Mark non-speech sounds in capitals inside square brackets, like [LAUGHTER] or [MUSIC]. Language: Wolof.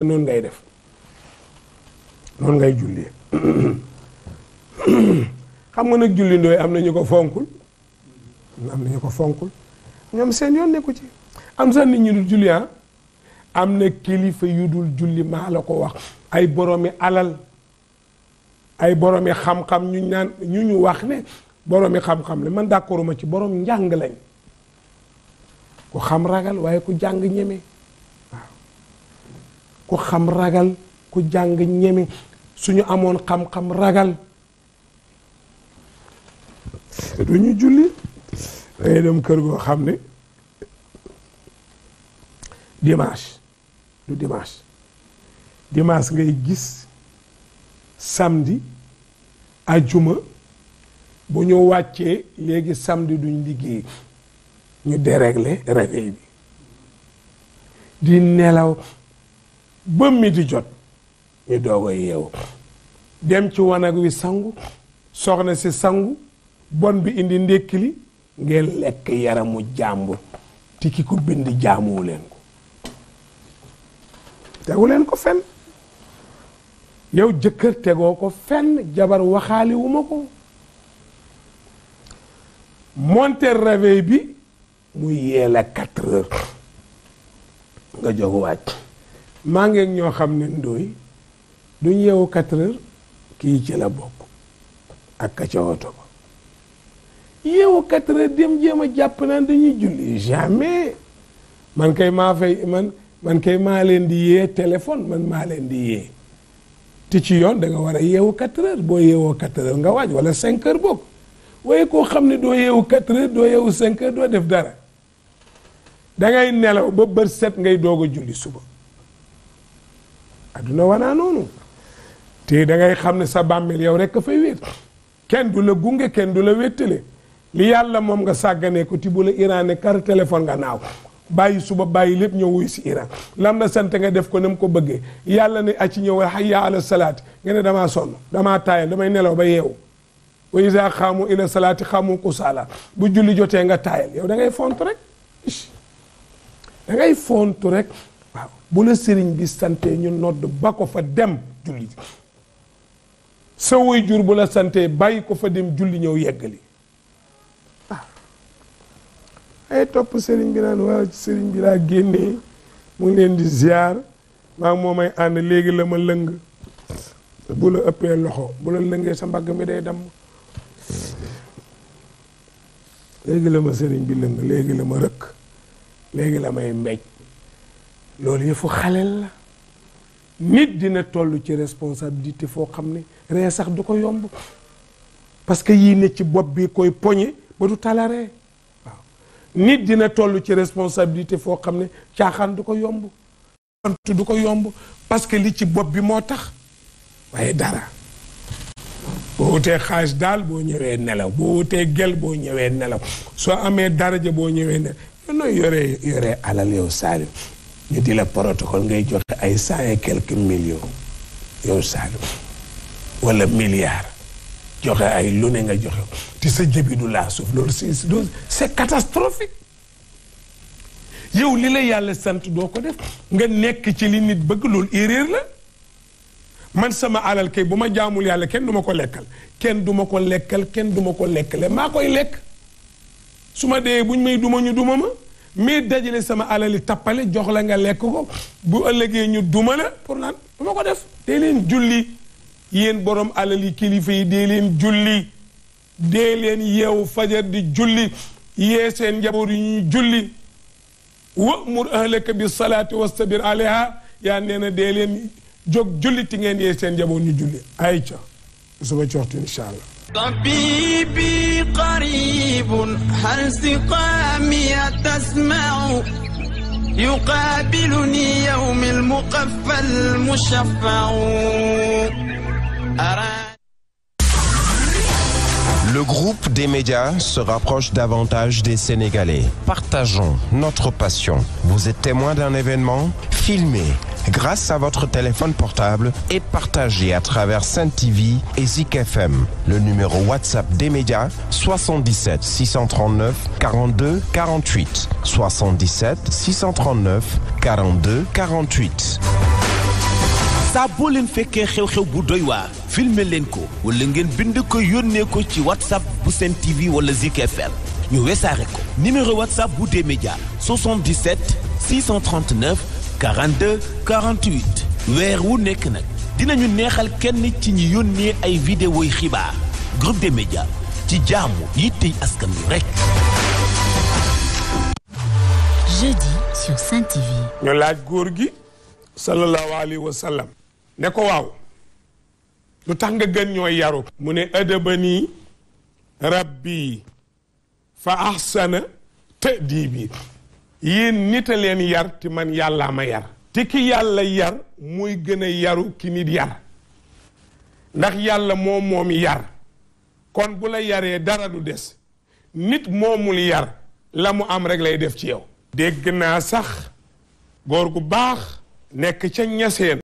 noonu ngay def noonu ngay jullee [CLEARS THROAT] xam nga nag julli ndooy am na ñu ko fonkul am ko fonkul ñoom seen yoon nekku ci am sax nit ñu dul julli ah am na kilifa yu dul julli maa la ko wax ay boroomi alal ay boroomi xam-xam ñu ñu wax ne boroomi xam-xam la man d'accorduma ci borom njàng lañ ku xam ragal waaye ku jàng ñeme ku xam ragal ku jàng ñeme suñu amoon xam-xam ragal du ñu julli dangay dem kër goo xam ne dimanche du dimanche ngay gis samedi juma bu ñu wàccee léegi samedi duñ liggéey ñu dérégler réveil bi di nelaw ba mi di jot ñu doog a yeewu dem ci wanag wi sangu soxna si sangu bon bi indi ndékki li ngeen lekk yaramu jàmbur ti ki ko bind jaamuwu leen ko tegu leen ko fenn yow jëkkër tegoo ko fenn jabar waxaali wu ma ko monter réveil bi mu yee a quatre heures nga jóg wàcc maa ngeeg ñoo xam ne ndóoy duñ yeewu quatre kii ci la bokk ak ka ca yeewu quatre heures jéem a jàpp naan dañuy julli jamais man kay maa fay man man kay maa leen di yee téléphone man maa leen di yee te ci yoon danga war a yeewu quatre boo yeewoo quatre nga waaj wala cinq heures bokk waaye koo xam ne doo yeewu quatre doo yeewu cinq heures doo def dara da ngay nelaw ba bët set ngay doog a julli suba adduna wanaa noonu te da ngay xam ne sa bàmmeel yow rek a fay wéet kenn du la gunge kenn du la wéttale li yàlla moom nga sàgganee ko ti bu la Iran ne kar téléphone nga naaw bàyyi suba bàyyi lépp ñëw wuy si Iran lam la sant nga def ko na ko bëggee yàlla ne aci ñëw hayya ala salaati nga ne damaa sonn damaa taayal damay nelaw ba yeewu wa isa xaamu ila salaati xaamu kusaala bu julli jotee nga taayal yow dangay ngay fontu rek da ngay fontu rek waaw bu la sëriñ bi sante ñu nodd ba ko fa dem julli sa way jur bu la sante bàyyi ko fa dem julli ñëw yeggali ah. ay topp sëriñ bi naan waaw sëriñ bi laa génnee mu leen di ziar maa ngi moomay ànd léegi la ma lëng bu la ëppee loxo bu la lëngee sa mbagg mi day damm léegi la ma sëriñ bi lëng léegi la ma rëkk léegi la may mbéj loolu yëfu xaleel la nit dina tollu ci responsabilité foo xam ne ree sax du ko yomb parce que yii ne ci bopp bi koy poñe ba du talaree waaw nit dina toll ci responsabilité foo xam ne caaxaan du ko yomb antu du ko yomb parce que li ci bopp bi moo tax waaye dara boo wutee xaalis daal boo ñëwee nelaw boo wutee gel boo ñëwee nelaw soo amee dara daraja boo ñëwee nelaw yooyu nooy yoree yoree alal yow saali ñu di la protocole ngay joxe ay cent et quelques millions yow Saalum wala milliards joxe ay lu ne nga joxe te sa jëbi du laa suuf loolu c'est c'est catastrophique yow li la yàlla sant doo ko def nga nekk ci li nit bëgg loolu erreur la man sama alal kay bu ma jaamul yàlla kenn du ma ko lekkal kenn duma ko lekkal kenn duma ko lekkale maa koy lekk su ma dee buñ may duma ñu duma ma mais dajale sama alali tappale jox la nga lekk ko bu ëllëgee ñu duma la pour naan du ko def dee leen julli yéen borom alali kilifa yi dee leen julli dee leen yeewu fajar di julli yee seen njaboot yi ñuy julli wa'mur ahlaka bi salaati wastabir aleyha yaa nee na dee leen jóg julli ti ngeen yee seen njaboot ñu julli ay ca suba ci waxtu allah طبيبي قريب هل سقامي تسمع يقابلني يوم المقفى المشفع Le groupe des médias se rapproche davantage des Sénégalais. Partageons notre passion. Vous êtes témoin d'un événement Filmez grâce à votre téléphone portable et partagé à travers Sen TV et Zik FM. Le numéro WhatsApp des médias 77 639 42 48 77 639 42 48. saa boo leen fekkee xew-xew bu doy waar filmer leen ko wala ngen bind ko yónnee ko ci whatsapp bu Sen TV wala Zik FM ñu wesaare ko numéro whatsapp bu D-Média 42 48 wu nekk nag dinañu neexal kenn ci ñi yónnee ay vidéo yi xibaar ci jaamu yittey askan wi ñu laaj góor gi. sallallahu alayhi ne ko waaw. lu tax nga gën ñooy yaru. mu ne adabani rabbi fa ahsana ta'dibi yéen nit leen yar te man yàllaa ma yar te yàlla yar muy gën a yaru ki nit yar ndax yàlla moom moom yar kon bu la yaree dara lu des nit moomul yar la mu am rek lay def ci yow dégg naa sax góor gu baax nekk ca ñaseen